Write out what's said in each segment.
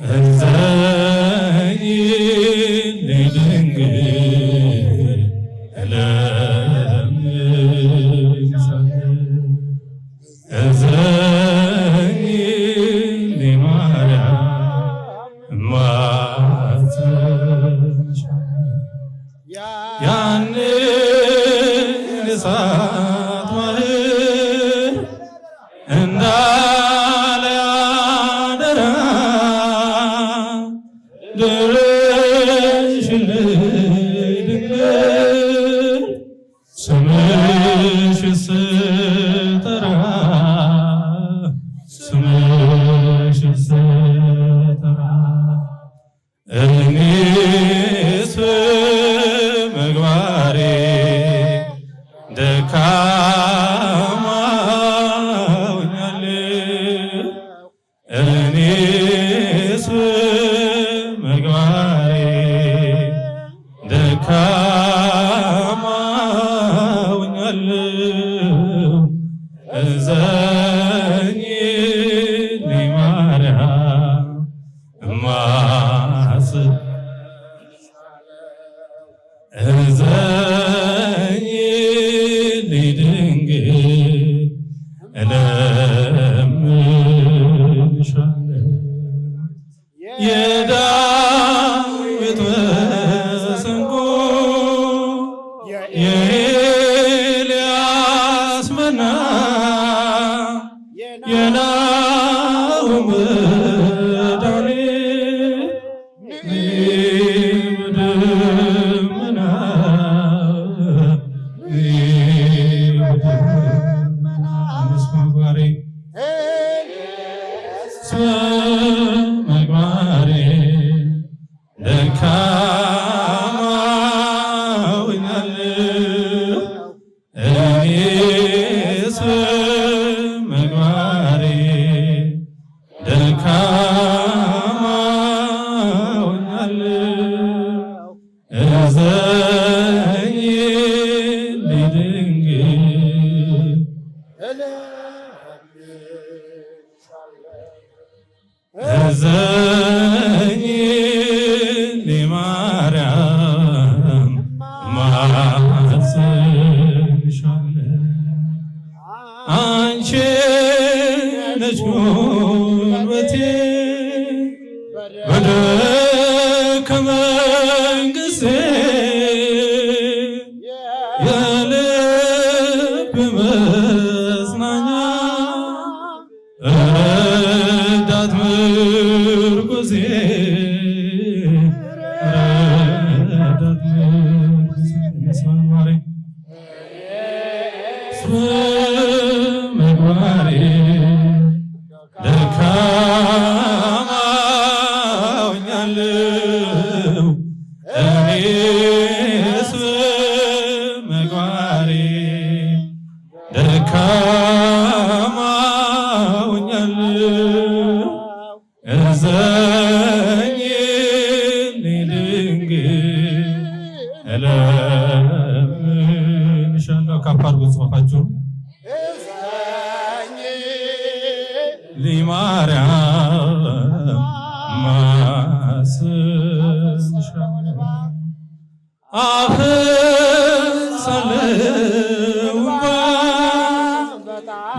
Amen. it? Christmas. አንቺ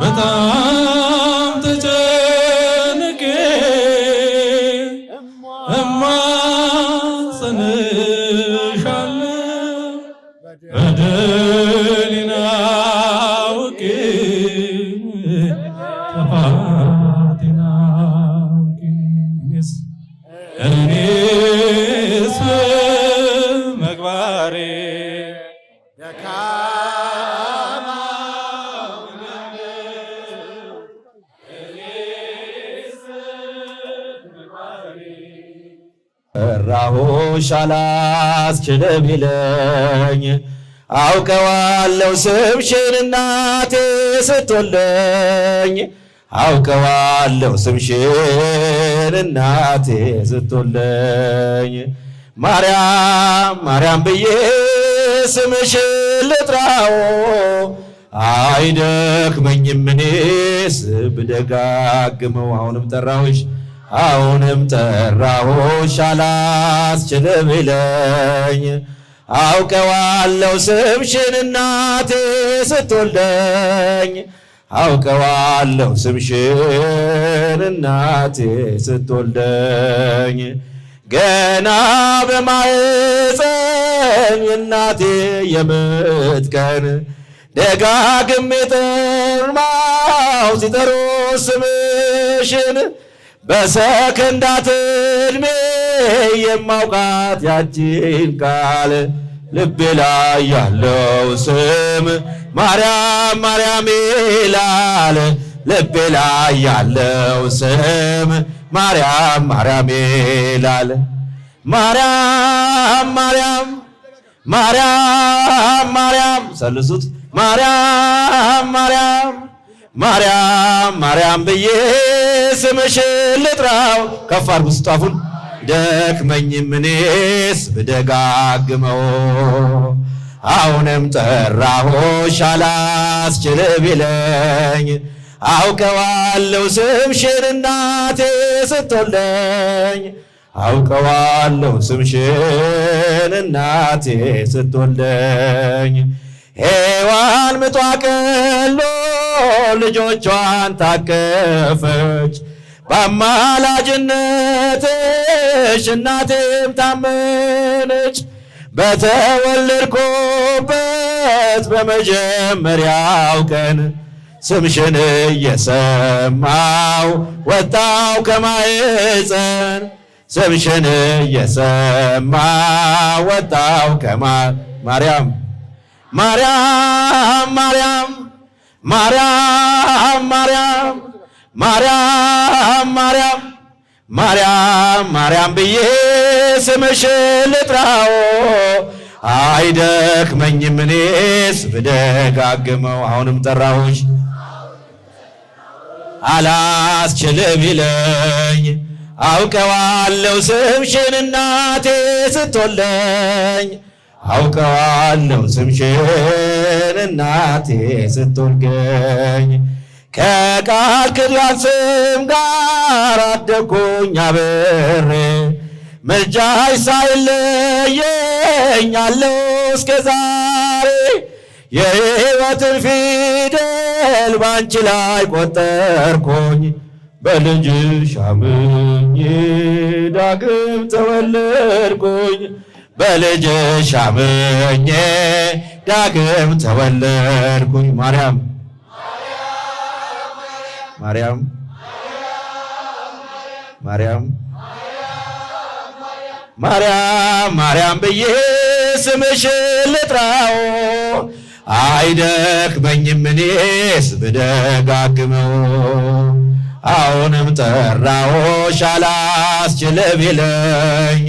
መጣ አላስችልም ይለኝ አውቀዋለው ስምሽን እናቴ ስቶለኝ አውቀዋለው ስምሽን እናቴ ስቶለኝ ማርያም ማርያም ብዬ ስምሽን ልጥራው አይደክመኝም አሁንም ጠራሁሽ አሁንም ጠራሁሽ አላስችልም ይለኝ አውቀዋለው ስምሽን እናቴ ስትወልደኝ አውቀዋለው ስምሽን እናቴ ስትወልደኝ ገና በማህፀን እናቴ የምትቀን ደጋግሜ ጠርማው ሲጠሩ ስምሽን በሰከንዳት እድሜ የማውቃት ያችን ቃል ልቤ ላይ ያለው ስም ማርያም ማርያም ይላል። ልቤ ላይ ያለው ስም ማርያም ማርያም ይላል። ማርያም ማርያም ማርያም ማርያም ሰልሱት ማርያም ማርያም ማርያም ማርያም ብዬ ስምሽን ልጥራው ከፍ አድርጉ ስጧፉን ደክመኝም እኔስ ብደጋግመው አሁንም ጠራሁሽ አላስችል ቢለኝ አውቀዋለሁ ስምሽን እናቴ ስትወልደኝ አውቀዋለሁ ስምሽን እናቴ ስትወልደኝ ሔዋን ምጧ ቀሎ ልጆቿን ታቀፈች። በአማላጅነትሽ እናቴም ታመነች። በተወለድኩበት በመጀመሪያው ቀን ስምሽን እየሰማው ወጣው ከማህፀን ስምሽን እየሰማው ወጣው ከማ ማርያም ማርያም ማርያም ማርያም ማርያም ማርያም ማርያም ማርያም ማርያም ብዬ ስምሽን ልጥራው አይደክመኝም እኔስ ብደጋግመው። አሁንም ጠራሁሽ አላስችልም ይለኝ አውቀዋለሁ ስምሽን እናቴ ስትወለኝ አውቀዋለሁ ስምሽን እናቴ ስትወልገኝ ከቃል ኪዳን ስም ጋር አደግኩኝ አብሬ ምልጃሽ ሳይለየኝ አለው እስከ ዛሬ የሕይወትን ፊደል ባንቺ ላይ ቆጠርኩኝ በልጅሽ አምኜ ዳግም ተወለድኩኝ። በልጅሽ አምኜ ዳግም ተወለድኩኝ። ማርያም ማርያም ማርያም ማርያም ማርያም ብዬ ስምሽን ልጥራው አይደክመኝም እኔስ ብደጋግመው አሁንም ጠራዎሽ አላስችል ቢለኝ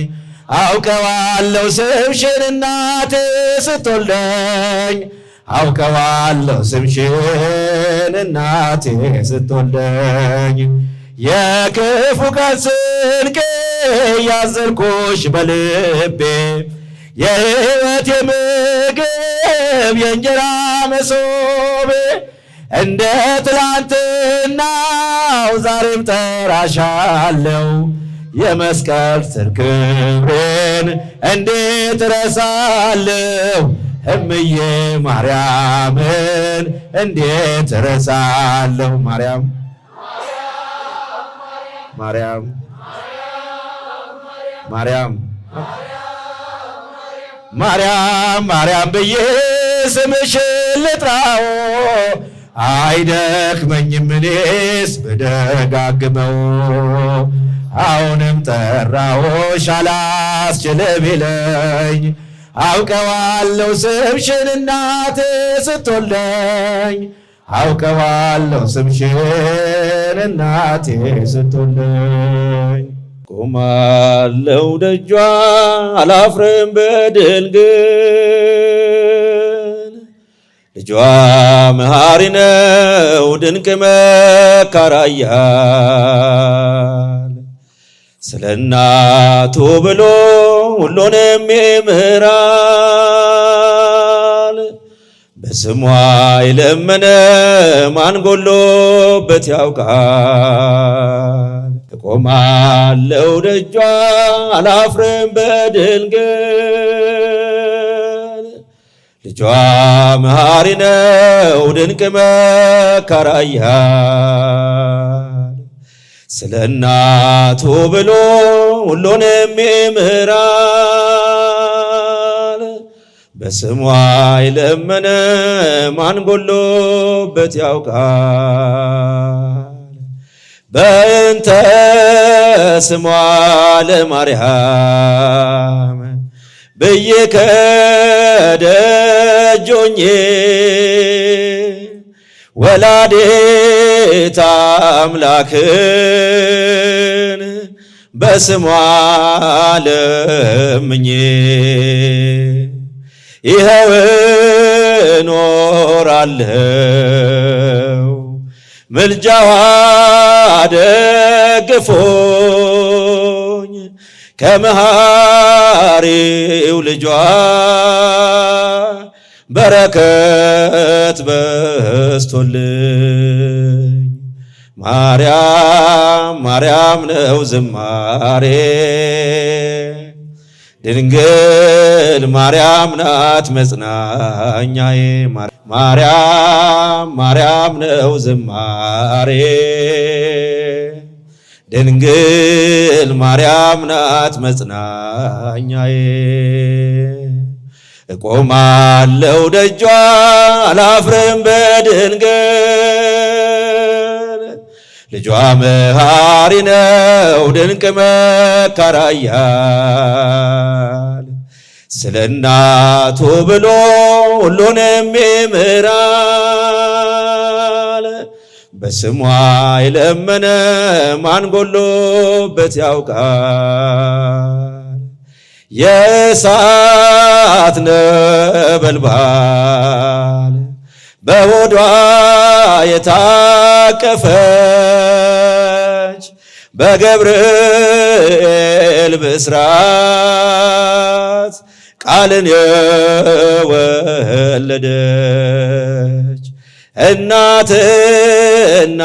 አውቀዋለሁ ስምሽን ስትወልደኝ አውቀዋለሁ ስምሽን እናቴ ስትወልደኝ የክፉ ቀን ስንቅ ያዘልኩሽ በልቤ የህይወት የምግብ የእንጀራ መሶቤ እንደ ትላንትናው ዛሬም ጠራሻለው የመስቀል ስር ክብሬን እንዴት ረሳለሁ? እምዬ ማርያምን እንዴት ረሳለሁ? ማርያም ማርያም ማርያም ማርያም ማርያም ብዬ ስምሽን ልጥራው አይደክመኝም እኔስ ብደጋግመው አሁንም ጠራሁሽ አላስችል ቢለኝ አውቀዋለሁ ስምሽን እናት ስቶለኝ አውቀዋለሁ ስምሽን እናቴ ስቶለኝ ቆማለው ደጇ አላፍርም በድንግል ልጇ መሐሪ ነው ድንቅ መካራያ ስለ እናቱ ብሎ ሁሉንም ይምራል። በስሟ የለመነ ማን ጎሎበት ያውቃል። እቆማለሁ ደጇ አላፍርም በድንግል ልጇ መሐሪ ነው ድንቅ መከራያ ስለ እናቱ ብሎ ሁሉንም ይምራል። በስሟ ይለመነ ማን ጎሎበት ያውቃል? በእንተ ስሟ ለማርያም ብዬ ከደጆኜ ወላዲተ አምላክን በስሟ ለምኝ ይኸው እኖራለሁ ምልጃዋ ደግፎኝ ከመሃሪው ልጇ በረከት በስቶልኝ ማርያም ማርያም ነው ዝማሬ ድንግል ማርያም ናት መጽናኛዬ ማርያም ማርያም ነው ዝማሬ ድንግል ማርያም ናት መጽናኛዬ እቆማለው ደጇ አላፍርም በድንግል ልጇ መሐሪ ነው ድንቅ መካራያል ስለ እናቱ ብሎ ሁሉንም ይምራል በስሟ የለመነ ማን ጎሎበት ያውቃል የእሳት ነበልባል በሆዷ የታቀፈች በገብርኤል ብስራት ቃልን የወለደች እናትና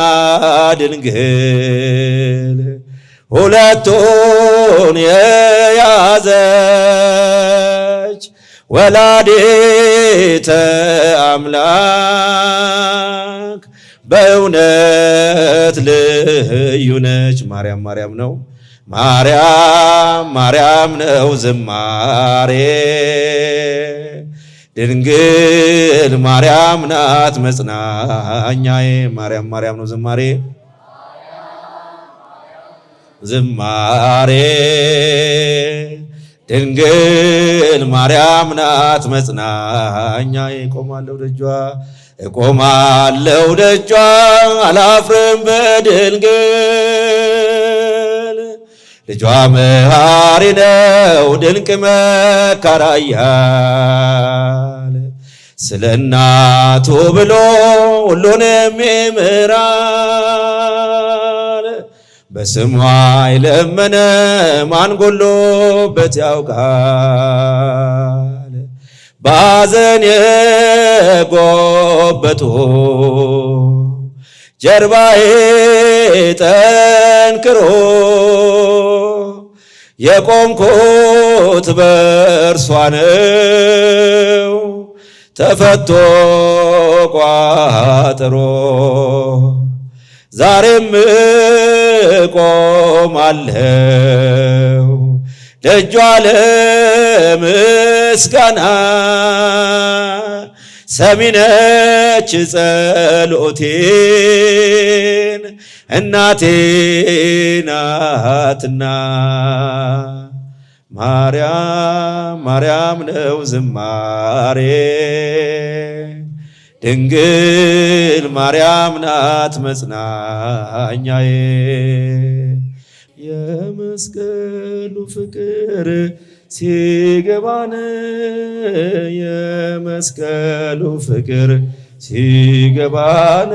ድንግል ሁለቱን የያዘች ወላዲተ አምላክ በእውነት ልዩ ነች። ማርያም ማርያም ነው ማርያም ማርያም ነው ዝማሬ ድንግል ማርያም ናት መጽናኛዬ። ማርያም ማርያም ነው ዝማሬ ዝማሬ ድንግል ማርያም ናት መጽናኛ። ይቆማለው ደጇ እቆማለው ደጇ አላፍርም በድንግል ልጇ መሃሪ ነው ድንቅ መካራያል ስለ እናቱ ብሎ ሁሉንም የሚምራ በስሟ የለመነ ማን ጎሎበት ያውቃል። ባዘን የጎበጦ ጀርባዬ ጠንክሮ የቆምኩት በእርሷ ነው ተፈቶ ቋጥሮ ዛሬም እቆማለሁ ደጇ ለምስጋና ሰሚነች ጸሎቴን እናቴ ናትና ማርያም ማርያም ነው ዝማሬ ድንግል ማርያም ናት መጽናኛዬ የመስቀሉ ፍቅር ሲገባን የመስቀሉ ፍቅር ሲገባን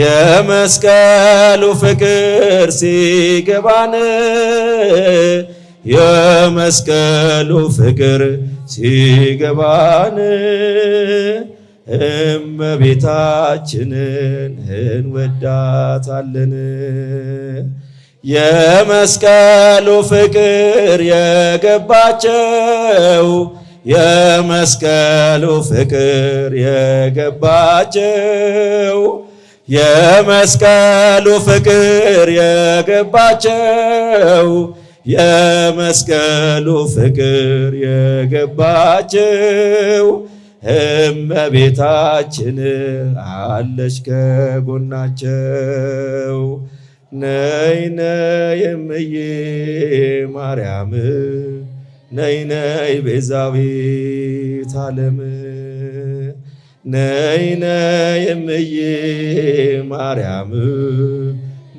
የመስቀሉ ፍቅር ሲገባን የመስቀሉ ፍቅር ሲገባን እመቤታችንን እንወዳታለን። የመስቀሉ ፍቅር የገባቸው የመስቀሉ ፍቅር የገባቸው የመስቀሉ ፍቅር የገባቸው የመስቀሉ ፍቅር የገባችው እመቤታችን አለች ከጎናቸው። ነይ ነይ እምዬ ማርያም ነይ ነይ ቤዛዊት ዓለም ነይ ነይ እምዬ ማርያም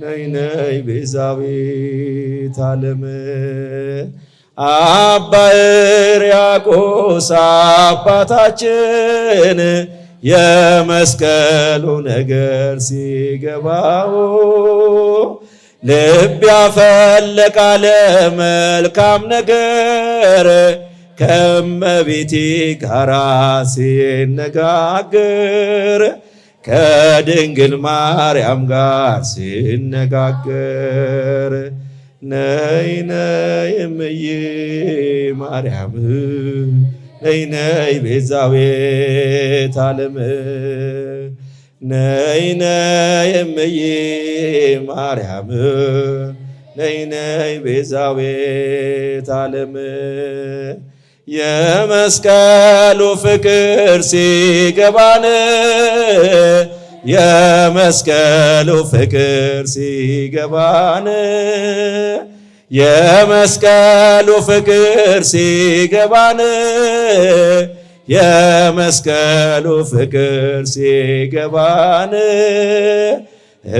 ነይ ነይ ቤዛዊት ዓለም አባ ሕርያቆስ አባታችን የመስቀሉ ነገር ሲገባው ልብ ያፈለቃለ መልካም ነገር ከመቤቴ ጋራ ሲነጋገር ከድንግል ማርያም ጋር ሲነጋገር ነይ ነይ እምዬ ማርያም ነይ ነይ ቤዛዊተ ዓለም ነይ ነይ እምዬ ማርያም ነይ ነይ ቤዛዊተ ዓለም የመስቀሉ ፍቅር ሲገባን የመስቀሉ ፍቅር ሲገባን የመስቀሉ ፍቅር ሲገባን የመስቀሉ ፍቅር ሲገባን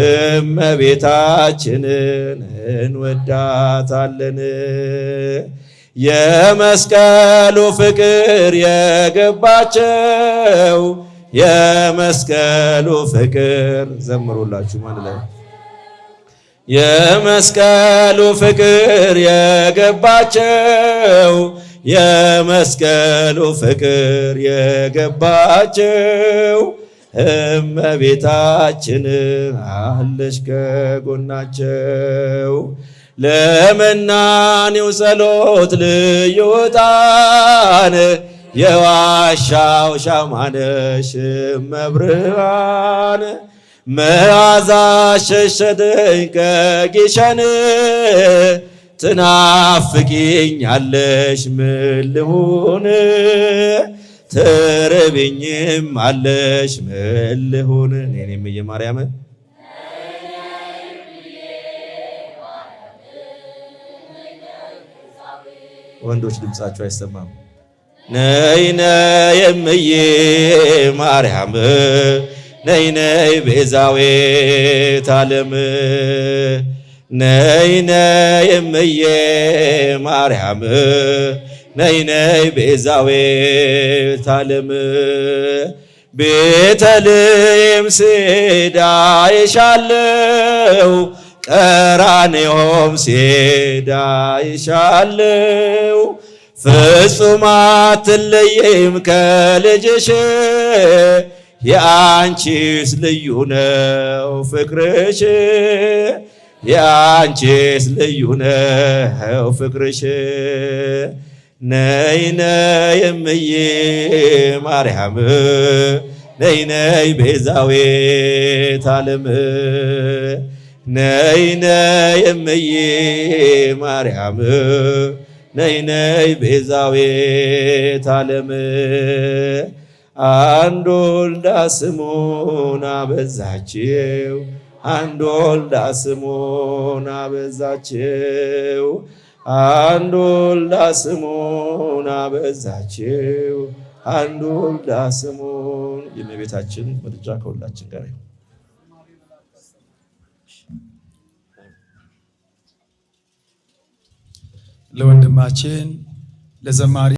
እመቤታችንን እንወዳታለን። የመስቀሉ ፍቅር የገባቸው የመስቀሉ ፍቅር ዘምሩላችሁ ማለት ላይ የመስቀሉ ፍቅር የገባቸው የመስቀሉ ፍቅር የገባቸው እመቤታችን አለሽ ከጎናቸው ለመናኔው ጸሎት ልዩ ዕጣን የዋሻው ሻማነሽ መብርሃን መዓዛ ሸሸደኝ ከጊሸን ትናፍቂኛለሽ ምልሁን ትርብኝም አለሽ ምልሁን ልሁን እኔም እየማርያምን ወንዶች ድምፃቸው አይሰማም። ነይ ነይ እምዬ ማርያም ነይ ነይ ቤዛዊት ዓለም ነይ ነይ እምዬ ማርያም ነይ ነይ ቤዛዊት ዓለም ቤተልሔም ስዳ ይሻለው ቀራንዮም ሴዳ ይሻለው ፍጹም አትለይም ከልጅሽ የአንቺስ ልዩ ነው ፍቅርሽ የአንቺስ ልዩ ነው ፍቅርሽ ነይ ነይ እምዬ ማርያም ነይ ነይ ቤዛዊት ዓለም ነይ ነይ እምዬ ማርያም ነይ ነይ ቤዛዊት ዓለም አንድ ወልዳ ስሙን አበዛችው አንድ ወልዳ ስሙን አበዛችው አንድ ወልዳ ስሙን አበዛችው አንድ ወልዳ ስሙን የእመቤታችን ምልጃ ከሁላችን ጋር ለወንድማችን ለዘማሪ